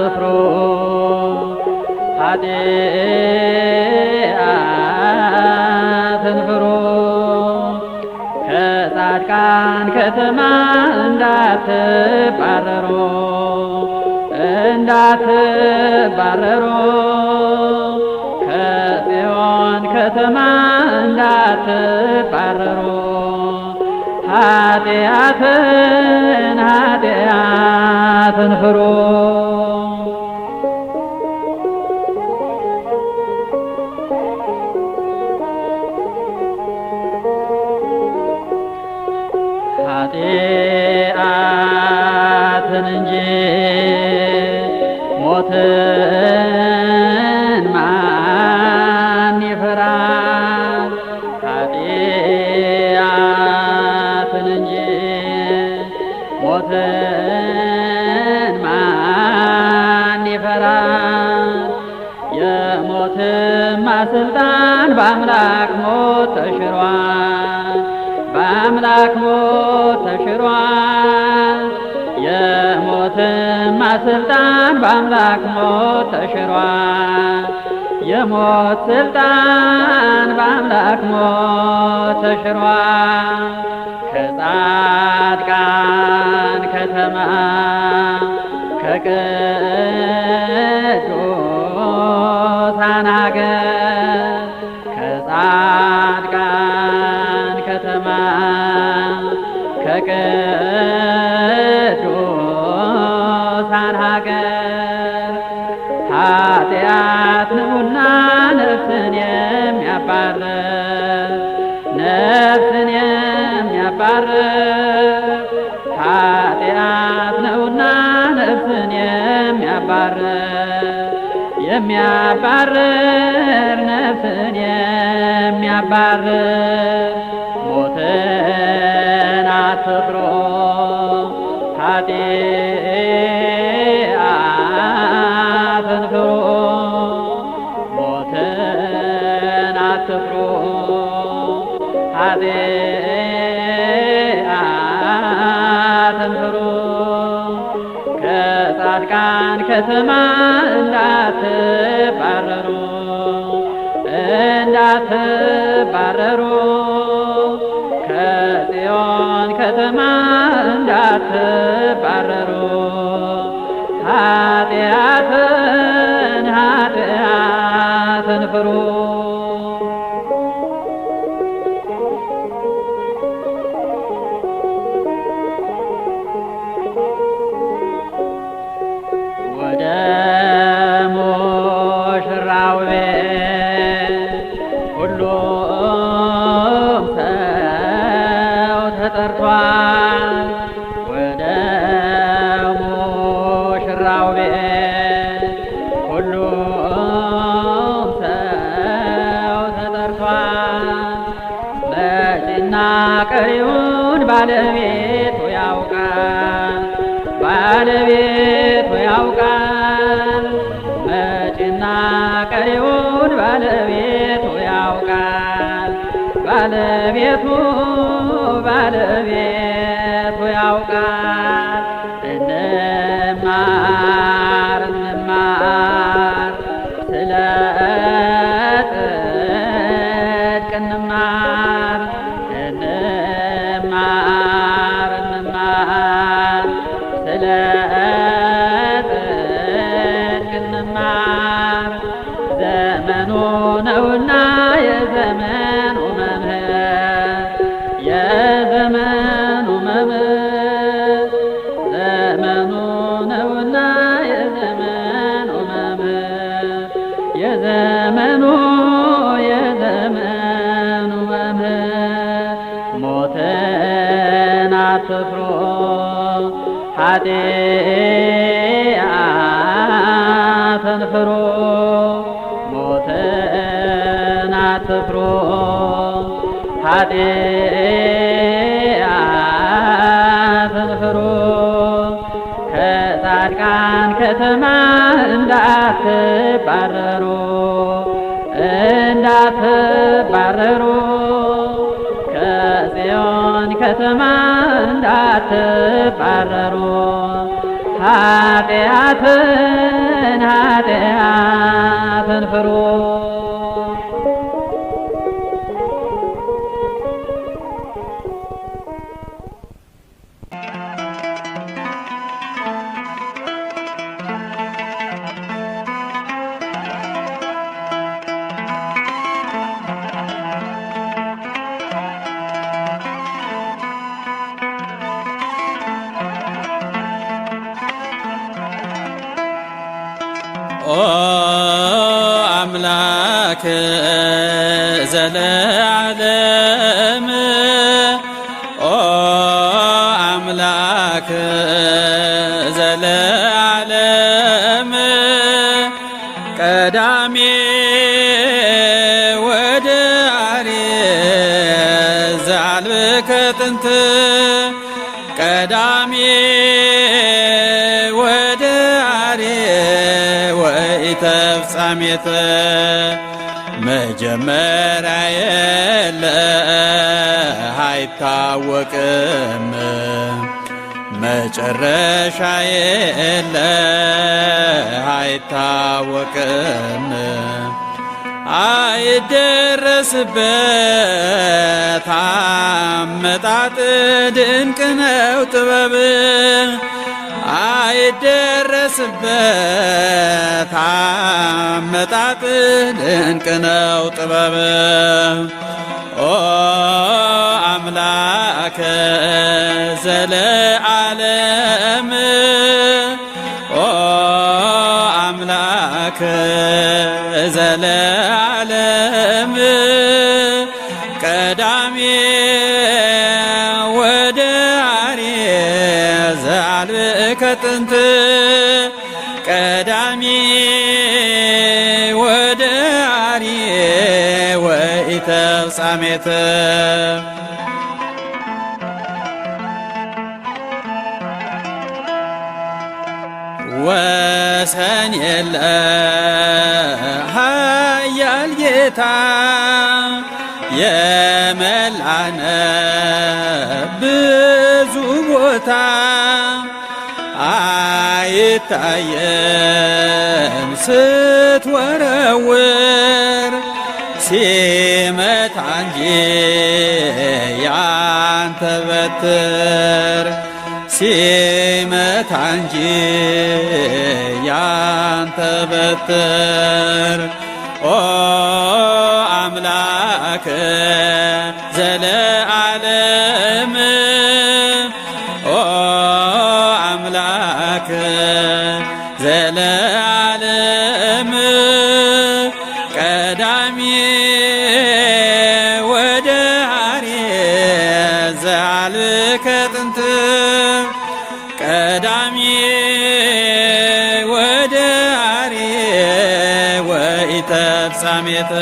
ስፍሮ ኃጢአትን ፍሮ ከጻድቃን ከተማ እንዳትባረሮ እንዳትባረሮ ከጽዮን ከተማ እንዳትባረሮ ኃጢአትን ኃጢአትን ኃጢአትን እንጂ ሞትን ማን ይፈራል? ኃጢአትን እንጂ ሞትን ማን ይፈራል? የሞትማ ስልጣን በአምላክ ሞት ተሽሯል። የአምላክ ሞት ተሽሯል። የሞትማ ስልጣን በአምላክ ሞት ተሽሯል። የሞት ስልጣን በአምላክ ሞት ተሽሯል። ከጻድቃን ከተማ ከቅ ቅዱሳን ሀገር ኃጢአት ነውና ነፍስን የሚያባርር ነፍስን የሚያባርር ኃጢአት ነውና ነፍስን ነፍስን ሰብሮ ኃጢአትን ፍሩ ሞትን አትፍሩ ኃጢአትን ፍሩ ከጻድቃን ከተማ እንዳትባረሩ እንዳትባረሩ ባረሩ ኃጢያ ባለቤቱ ያውቃል፣ ባለቤቱ ያውቃል፣ መጪና ቀሪውን ባለቤቱ ያውቃል፣ ባለቤቱ ባለቤቱ ያውቃል። ኃጢአትን ፍሩ ሞትን አትፍሩ ኃጢአትን ፍሩ ከጻድቃን ከተማ እንዳትባረሩ እንዳትባረሩ ከጽዮን ከተማ ከኃጢአት ባረሩ ኃጢአትን ኃጢአትን ፍሩ አምላክ ዘለ ላሜተ መጀመሪያ የለ አይታወቅም መጨረሻ የለ አይታወቅም አይደረስበት አመጣጥ ድንቅ ነው ጥበብ አይደረስበት አመጣጥ ድንቅ ነው ጥበብ ኦ አምላከ ዓለም ኦ አምላከ ዓለም ቀዳሜ ከጥንት ቀዳሚ ወደ አርየ ወኢተፍጻሜተ ወሰን የለ ኃያል ጌታ የመላነ ብዙ ቦታ ሲታየን ስትወረውር ሲመታ እንጂ ያንተ በትር ሲመታ እንጂ ያንተ በትር ኦ አምላክ Namita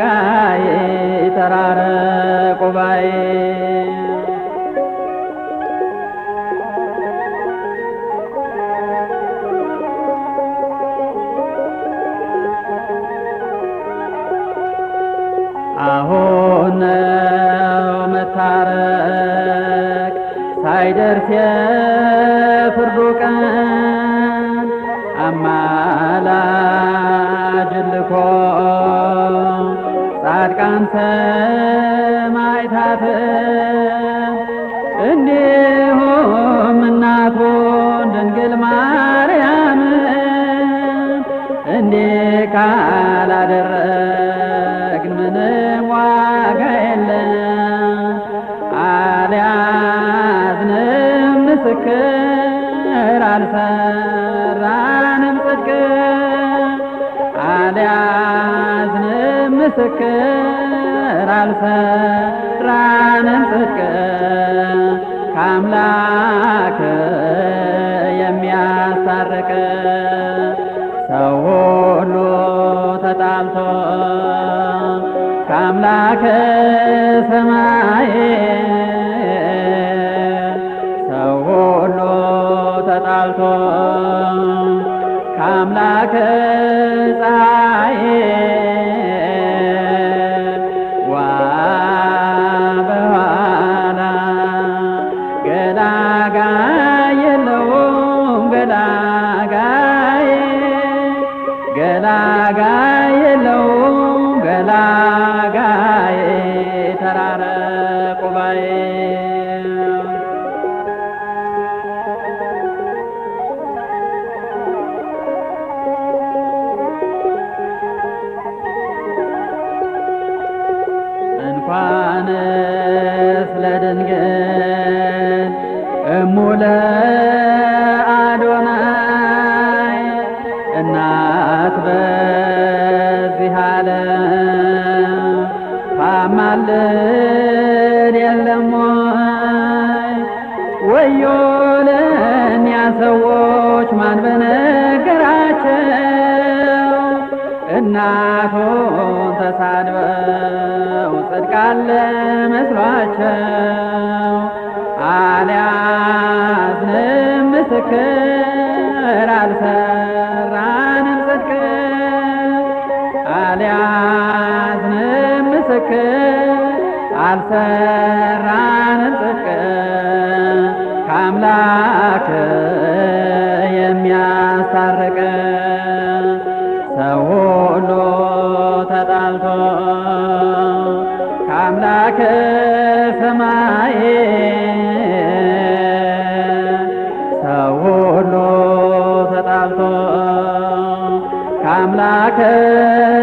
ጋይ ተራረ ባይ አሁን ነው መታረቅ ሳይደርስ የፍርዱ ቀን አማላጅ ጻድቃን ሰማዕታት እንዲሁም እናቱን ድንግል ማርያም እንዴ ካላደረግን ምንም ዋጋ የለም። አልያዝንም ምስክር አልሰራንም ጽድቅ አልያዝንም ምስክር አልሰራንም ጽድቅ ከአምላክ የሚያሳርቅ ሰው ሁሉ ተጣልቶ ከአምላክ ሰማይ ሰው ሁሉ ተጣልቶ ከአምላክ ፀሐይ ለድንግል እሙለ አዶናይ እናት በዚህ ዓለም ታማልን የለም ወዮ ለእኛ ሰዎች ማን በነገራቸው እናቱን ተሳድበው ጽድቃለ መስሏቸው አልያዝንም ምስክር አልሰራንም ጽድቅ አልያዝንም ምስክር አልሰራንም ጽድቅ ከአምላክ የሚያስታርቅ ሰው ሁሉ ተጣልቶ ಮಾಧವ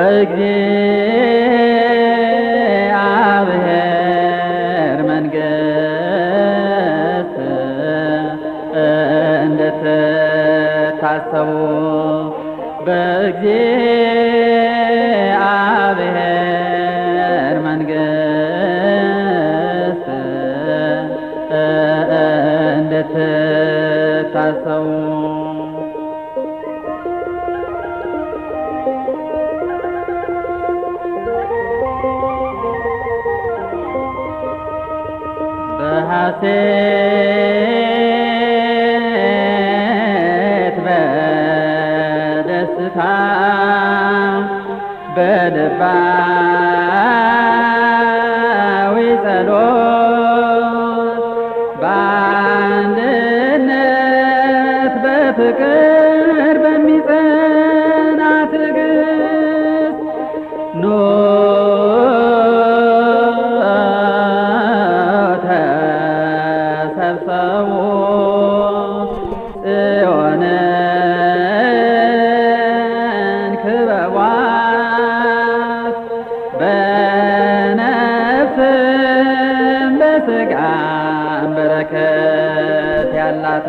በእግዚአብሔር መንግሥት እንደተታሰቡ በእግዚአብሔር መንግሥት እንደተታሰቡ በሐሴት በደስታ በደባ ስጋን በረከት ያላት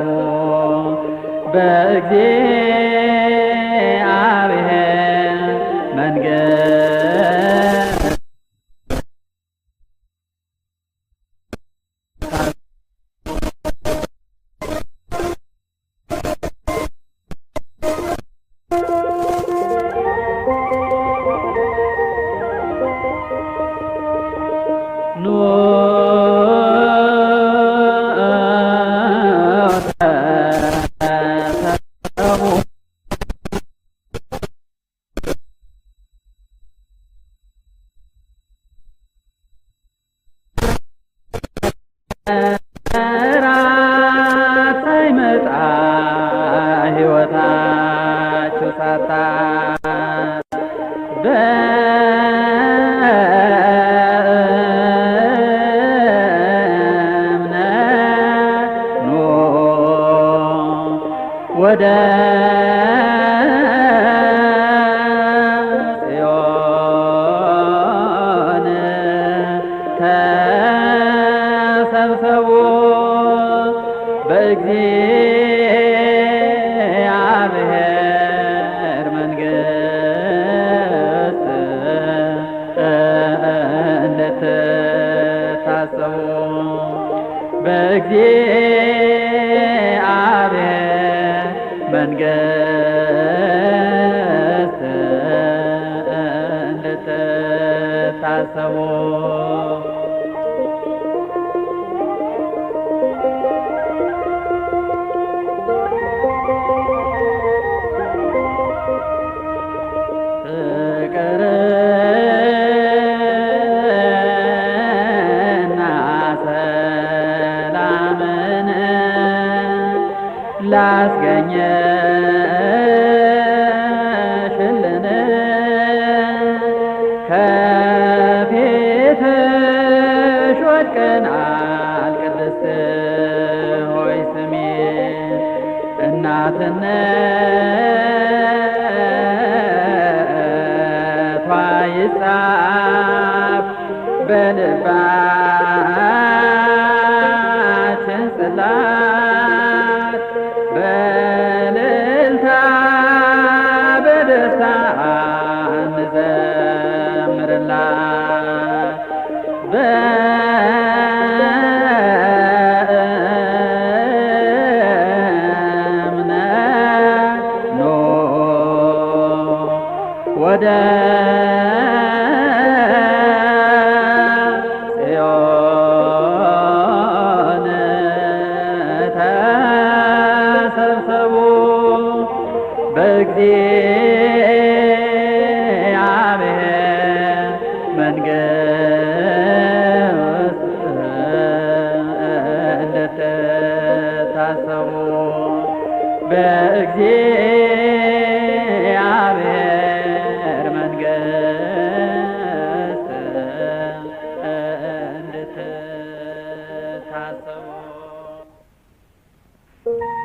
ተጠበቡ በእግዚአብሔር መንገድ Uh... በእግዚአብሔር መንገስ እንድትታሰቡ ሸኘሽልን ከፊትሽ ወድቀናል ቅድስት ሆይ ስሚ እናትነት Ada. Thank you.